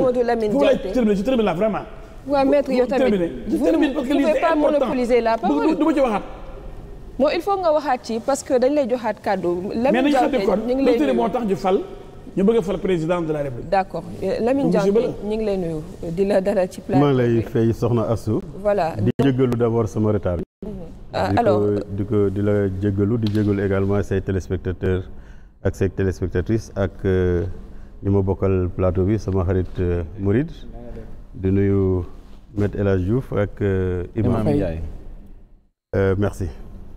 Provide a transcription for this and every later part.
Mamadou Lamine Diakhaté terminer je termine là ci parce que dañ lay joxaat kàddu. ñu ngi lay nuyu moo tax ñu fal. ñu bëgg a président de d' accord euh, Lamine ñu ngi di la dalal ci plateau. maa lay fay soxna Assou. voilà di jéggalu d' abord sama retard. Ah, euh, di ko di la jéggalu di jéggalu également say téléspectateurs ak say téléspectatrices ak. Euh, ñu ma bokkal plateau bi sama xarit euh, Mouride di nuyu Maître El Hadj Diouf ak euh, Imam Ndiaye euh, merci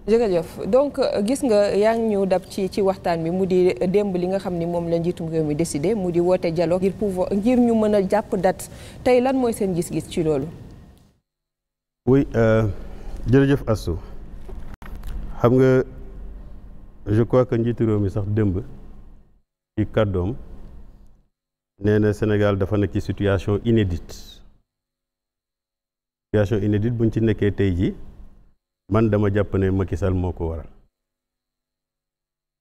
jërëjëf donc gis nga yaa ngi ñu dab ci ci waxtaan bi mu di démb li nga xam ni moom la njiitum réew mi décidé mu di woote dialogue ngir pouvoir ngir ñu mën a jàpp date tey lan mooy seen gis-gis ci loolu oui jërëjëf asso xam nga je crois que njiitu réew mi sax démb ci kàddoom nee na Sénégal dafa nekk ci situation inédite situation inédite buñ ci nekkee tey ji man dama jàpp ne Macky Sall moo ko waral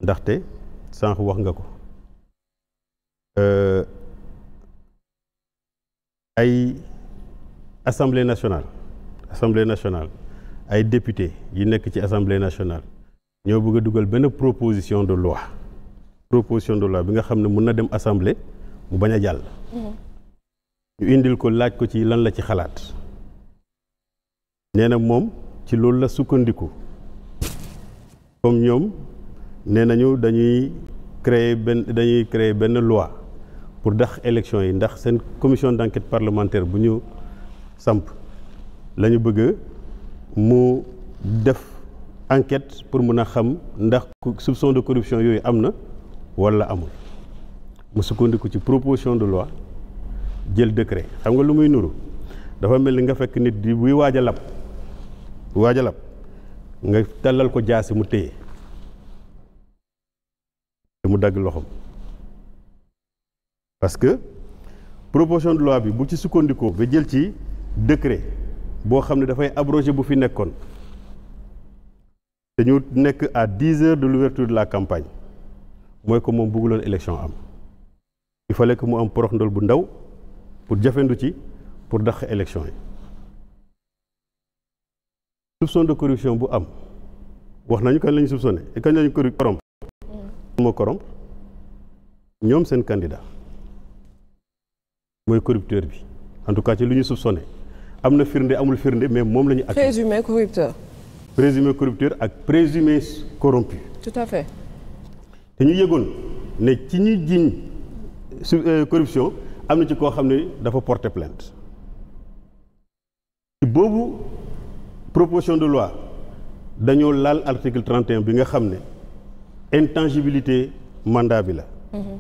ndaxte sànq wax nga ko euh, ay assemblée nationale assemblée nationale ay député yi nekk ci assemblée nationale ñoo bëgg a dugal benn proposition de loi proposition de loi bi nga xam ne mun na dem assemblée mu bañ a jàll ñu indil ko laaj ko ci lan la ci xalaat nee na moom ci loolu la sukkandiku comme ñoom nee nañu dañuy créer benn dañuy créer benn loi pour dax élection yi ndax seen commission d'enquête parlementaire bu ñu samp lañu ñu bëgg mu def enquête pour mën a xam ndax soupçon de corruption yooyu am na walla amul mu sukkandiku ci proposition de loi jël décret xam nga lu muy nuru dafa mel ni nga fekk nit di buy waaj a lab waaja lab nga tàllal ko jaasi mu téye mu dagg loxoom parce que proposition de loi bi bu ci sukkandikoo ba jël ci décret boo xam ne dafay abroger bu fi nekkoon dañu nekk à dix heures de l'ouverture de la campagne mooy ko moom bëgguloon élection am il fallait que mu am porox ndol bu ndaw pour jafendu ci pour dàq élection yi soupçon de corruption bu am wax nañu kañ lañu soupçonné et kañ lañu moo corrompre ñoom seen mooy corrupteur bi en tout cas ci lu ñu soupçonné am na firnde amul firnde mais moom la ñu ak présumé corrupteur présumé corrupteur ak présumé corrompu tout te ñu yëgoon ne ci ñu jiñ su euh, corruption am na ci koo xam ne dafa porter plainte boobu proposition de loi dañoo laal article bi nga xam ne intangibilité mandat bi la mm-hmm.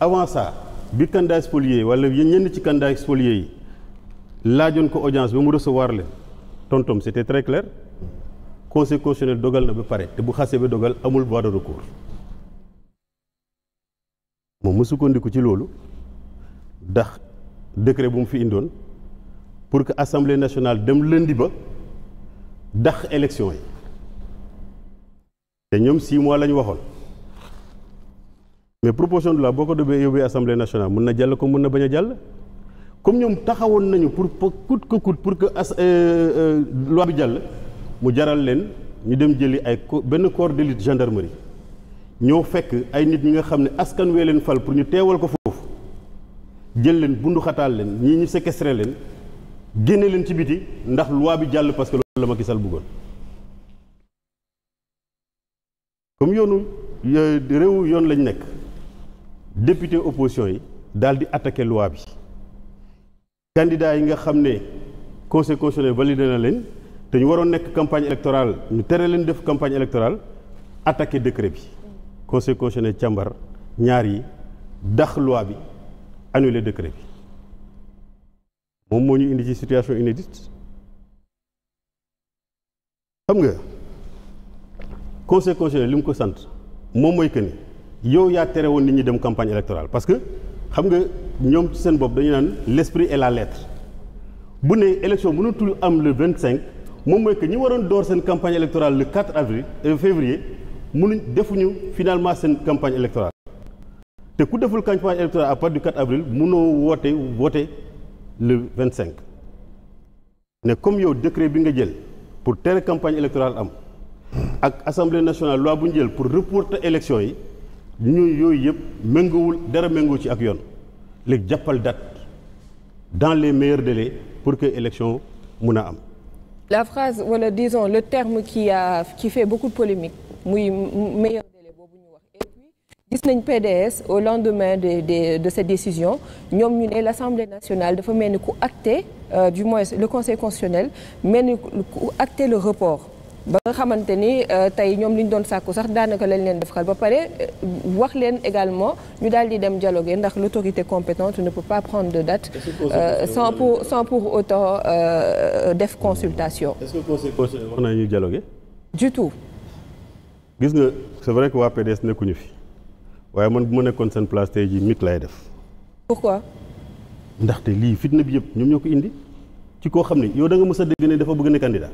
avant ça bi candidat spolié wala ñenn ci kandaa spolié yi laajoon ko audience ba mu recevoir leen tontom c'était très clair conseil dogal na ba pare te bu xasee ba dogal amul voie de recours moom mu sukkandiku ci loolu ndax décret bu mu fi indoon pour que assemblée nationale dem lundi ba dax élection yi te ñoom six mois la ñu waxoon mais proposition de loi boo ko dóobee yóbbee assemblée nationale mun na jàll ko mën na bañ a jàll comme ñoom taxawoon nañu pour coûte que coûte pour que as euh, euh, loi bi jàll mu jaral leen ñu dem jëli ay benn corps d'élite gendarmerie. ñëw fekk ay nit ñi nga xam ne askan wee leen fal pour ñu teewal ko foofu jël leen bunduxataal leen ñii ñu séquestré leen génne leen ci biti ndax loi bi jàll parce que loolu la Macky Sall bëggoon comme yoonu réew yoon lañ nekk député opposition yi daal di attaqué loi bi candidat yi nga xam ne conseil constitutionnel na leen te ñu waroon nekk campagne électorale ñu tere leen def campagne électorale attaqué décret bi conseil constitutionnel càmbar ñaar yi dax loi bi annulé décret bi moom moo ñu indi ci situation inédite xam nga conseil li mu ko sant moom mooy que ni yow yaa tere woon nit ñi dem campagne électorale parce que xam nga ñoom ci seen bopp dañu naan l'esprit et la lettre bu ne élection mënatul am le vingt cinq moom mooy que ñi waroon door seen campagne électorale le 4 avril euh, février mënuñ defuñu finalement seen campagne électorale te ku deful campagne électorale à partir du 4 avril mënoo woote voté le ne comme yow décret bi nga jël pour tere campagne électorale am ak assemblée nationale loi bu ñu jël pour reporter élection yi ñu yooyu yëpp méngoowul dara méngoo ci ak yoon léegi jàppal date dans les de délais pour que élection mun a am. la phrase wala voilà, disons le terme qui a qui fait beaucoup de polémique. muy meilleur délai boobu ñu wax et gis nañ PDS au lendemain de de de cette décision ñoom ñu ne l'Assemblée nationale dafa mel ni ku acté euh, du moins le Conseil constitutionnel mel ni ku acté le report ba nga xamante ni euh, tey ñoom li ñu doon sàkku sax daanaka lañ leen def xel ba pare euh, wax leen également ñu daal di dem dialoguer ndax l'autorité compétente ne peut pas prendre de date sans pour sans pour autant def consultation. est-ce que du tout gis nga c'est vrai que waa PDS nekkuñu fi waaye man bu ma nekkoon seen place tey jii mit laay def. pourquoi. ndaxte lii fitna bi yëpp ñoom ñoo ko indi ci koo xam ne yow da nga mës a dégg ne dafa bëgg ne candidat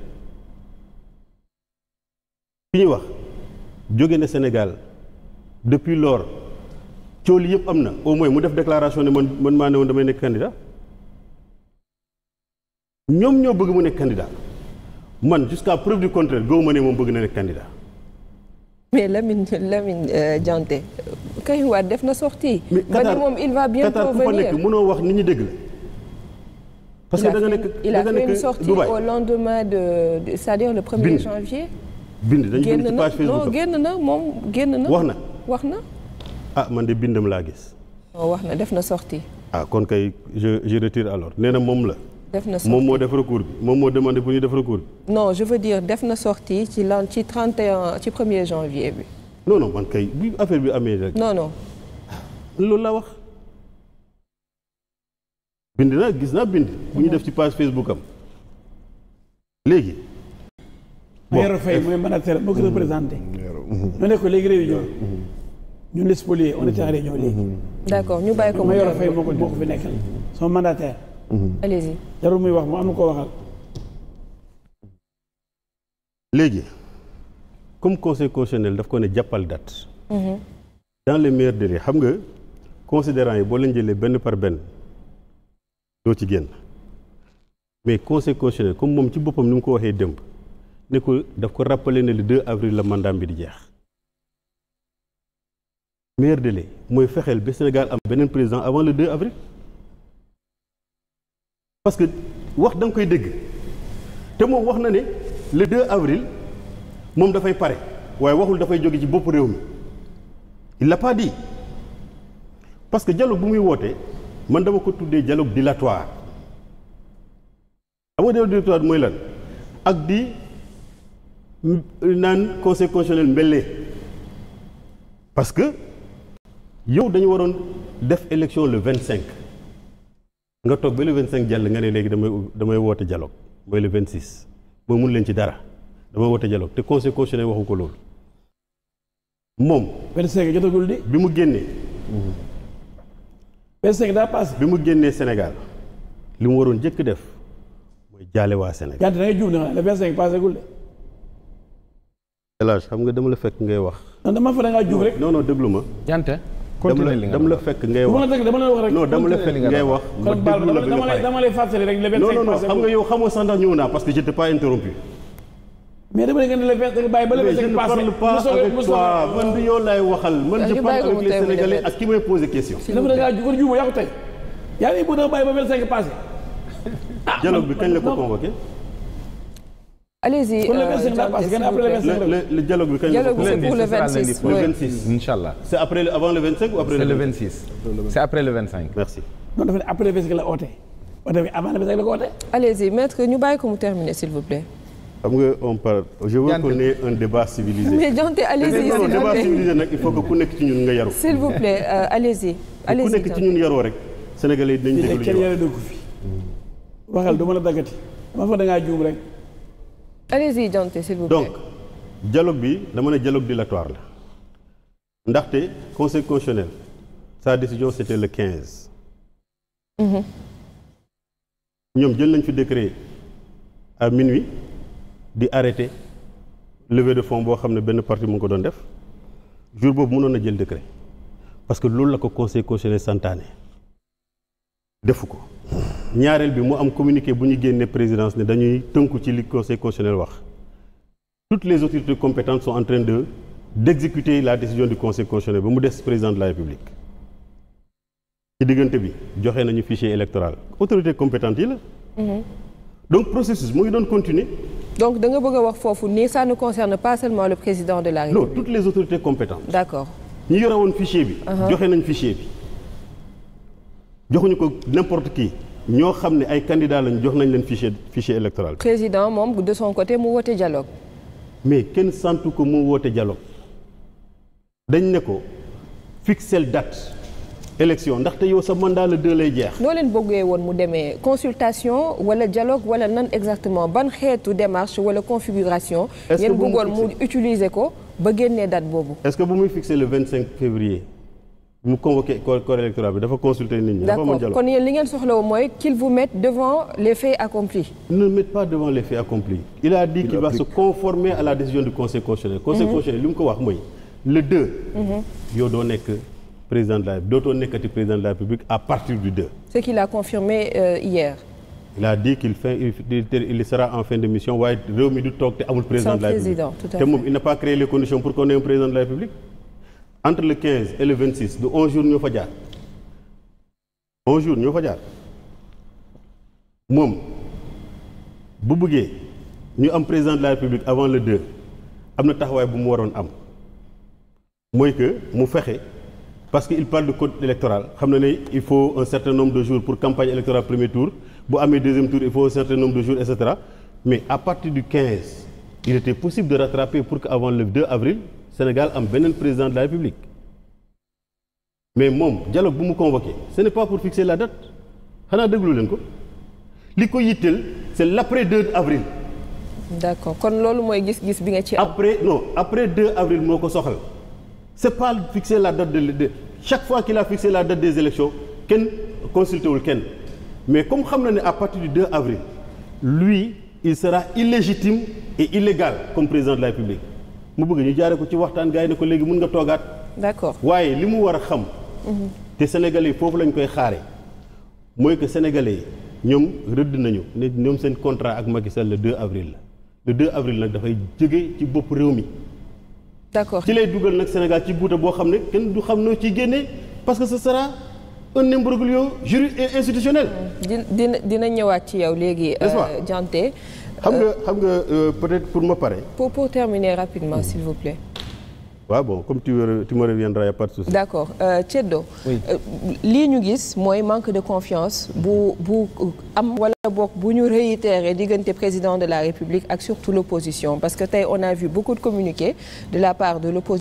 fi ñuy wax jóge na senegal depuis lors cool yëpp am na au moins mu def déclaration ne man man maa ne woon damay nekk candidat ñoom ñoo bëgg mu nekk candidat man jusqu'à preuve du contraire gëw ma ne moom bëgg na nekk candidat. mais Lamine Lamine euh, Dianté waat def na sortie. mais ba ni moom il va bientôt venir Qatar wax nit ñi dëgg la. parce que da nga nekk da nga nekk Dubaï il a fait une sortie au lendemain de c'est-à-dire le premier janvier. bind dañu bind ci page Facebook non génn na moom génn na. wax na wax na. ah man de bindam laa gis. wax na def na sortie. ah kon kay je je alors nee na moom la. def na sortie moom moo def recours bi moom moo demandé pour ñu def recours bi. non je veux dire def na sortie ci lan ci 31 ci premier er janvier bi. non non man kay bi affaire bi amee rek. non non. loolu la wax. bind na gis na bind. bu ñu def ci page Facebook am. léegi. bon Mayoro Faye mooy mandataire moo ko mm-hmm. représenté. ñu ne ko léegi réunion. Mm-hmm. ñun les spoliés on était en réunion léegi. Mm-hmm. ñu bàyyi ko Mayoro Faye moo ko moo ko fi nekkal. son mandataire. Mhm. allez-y. jarul muy wax mu na ko waxal. léegi comme conseil constitutionnel daf ko ne jàppal dat mhm. dans les meilleurs délais xam nga considérant yi boo leen jëlee benn par benn doo ci génn mais conseil comme moom ci boppam ni mu ko waxee démb ne ko daf ko rappeler ne le 2 avril la mandat bi di jeex. maire de délai mooy fexeel bi Sénégal am beneen président avant le 2 avril. parce que wax danga koy dégg te moom wax na ne le 2 avril moom dafay pare waaye waxul dafay jóge ci bopp réew mi il l'a pas dit parce que dialogue bu muy woote man dama ko tuddee dialogue dilatoire xam nga dialogue dilatoire mooy lan ak di naan conseil constitutionnel mbellee parce que yow dañu waroon def élection le vingt cinq nga toog ba le 25 jàll nga ne léegi damay damay woote dialogue mooy le 26 moo mun leen ci dara damay woote dialogue te conseil constitutionnel waxu ko loolu moom. 25 jotagul di. bi mu génnee. 25 daa paase. bi mu génnee Sénégal li mu waroon njëkk def mooy jaale waa Sénégal. jant da ngay juum ne le 25 paasegul de. El xam nga dama la fekk ngay wax. non dama fa da ngaa juum rek. non non déglu ma. jant. continué li nga dama la fekk ngay wax dama dama la fekk ngay wax. kon dama lay dama lay fàttali rek xam nga yow xamoo sax ndax ñëw naa parce que pas interrompu. mais man du yow waxal. man je ak ki may posé question. dama ne laa ju yaa ko tey yaa ngi bëgg a bàyyi ba 25 passé. ah dialogue bi kañ la ko ah, convoqué. allez-y. Euh, le dialogue bi kañ la ko. c'est pour le 26 le 26 inchallah. c'est après le avant le 25 ou après le. c'est le 26. c'est après le 25. merci. non dafa ne après le 25 la oote. oote bi avant le 25 la ko oote. allez-y maître ñu bàyyi ko mu terminer s'il vous plaît. xam nga on parle je veux qu'on ait un débat civilisé. mais jonte allez-y non débat civilisé nag il faut que ku nekk ci ñun nga yaru. s'il vous plaît euh, allez-y. allez-y ku nekk ci ñun yaroo rek. Sénégalais yi dañu déglu ñu wax. waxal du ma la daggati. ma fa da ngaa juum rek. allez-y Dianté s'il donc dialogue bi dama ne dialogue dilatoire la ndaxte conseil constitutionnel sa décision c'était le 15. Mhm. ñoom jël nañ fi décret a minuit di arrêté lever de fonds boo xam ne benn parti mu ngi ko doon def jour boobu mënoon na jël décret parce que loolu la ko conseil constitutionnel santaane defu ko. ñaareel bi mu am communiqué bu ñu génnee présidence ne dañuy tënku ci li conseil constitutionnel wax toutes les autorités compétentes sont en train de d'exécuter la décision du conseil constitutionnel ba mu des président de la république ci diggante bi joxe nañu fichier électoral autorité compétente yi la. Mhm. donc processus mu ngi doon continuer. donc da nga bëgg a wax foofu ni ça ne concerne pas seulement le président de la république. non toutes les autorités compétentes. ñu yore woon fichier bi. Uh-huh. joxe nañ fichier bi. ko n'importe qui. ñoo xam ne ay candidats lañ jox nañ leen fichier fichier électoral. président moom de son côté mu woote dialogue. mais kenn santu ko mu woote dialogue dañ ne ko fixel date élection ndaxte yow sa mandat la deux lay jeex. noo leen bëggee woon mu demee consultation wala dialogue wala nan exactement ban xeetu démarche wala configuration. est-ce que mu bëggoon mu utiliser ko ba génnee dat boobu. est que bu muy fixer le vingt cinq février. mu convoqué corps électoral bi dafa consulter nit ñi. dafa mën dialogue kon yéen mooy qu'il vous mette devant les faits accomplis. ne mette pas devant les faits accomplis. il a dit qu'il va se conformer à la décision du conseil constitutionnel. conseil mhm. constitutionnel li mu ko wax mooy le 2. Mhm. yow doo nekk président de la dootoo nekkati président de la République à partir du 2. ce qu'il a confirmé euh, hier. il a dit qu'il fin il sera en fin de mission waaye réew mi du toog te amul. président la République te moom il n'a pas créé entre le 15 et le 26 du 11 jours ñoo fa jaar 11 jours ñoo fa jaar moom bu bëggee ñu am président de la république avant le am na taxawaay bu mu waroon am mooy que mu fexe parce que il parle de code électoral xam na ne il faut un certain nombre de jours pour campagne électorale premier tour bu amee deuxième tour il faut un certain nombre de jours et mais à partir du 15 il était possible de rattraper pour que avant le 2 avril. Sénégal am beneen président de mais moom dialogue bu mu convoqué ce n'est pas pour fixer la date xanaa déglu leen ko li ko yitteel c'est l'après 2 avril. d'accord kon loolu mooy gis-gis bi nga ci am. après non après 2 avril moo ko soxal c'est pas fixer la date de de chaque fois qu'il a fixé la date des élections kenn consulté wul kenn mais comme xam na ne à partir du 2 avril lui il sera illégitime et illégal comme président de la République. mu bëgg ñu jaare ko ci waxtaan gaay yi ne ko léegi mun nga toogaat. d'accord waaye li mu war a xam. Mhm. te sénégalais yi foofu lañ koy xaare mooy que sénégalais yi ñoom rëdd nañu ne ñoom seen contrat ak Macky Sall le 2 avril la le 2 avril nag dafay jóge ci bopp réew mi. d'accord ci lay dugal nag Sénégal ci guuta boo xam ne kenn du xam noo ciy génnee parce que ce sera. un imbroglio juridique institutionnel. dina dina ñëwaat ci yow léegi. Euh, Dianté xam nga xam nga euh, pour ma pare. pour pour terminer rapidement hmm. s'il vous plaît. bon comme tu me tu d'accord Thiedo. Euh, euh, lii ñu gis mooy manque de confiance bu bu am. wala bokk bu ñu réitéré diggante président de la République ak surtout l'opposition parce que tey on a vu beaucoup de communiqués de la part de l'opposition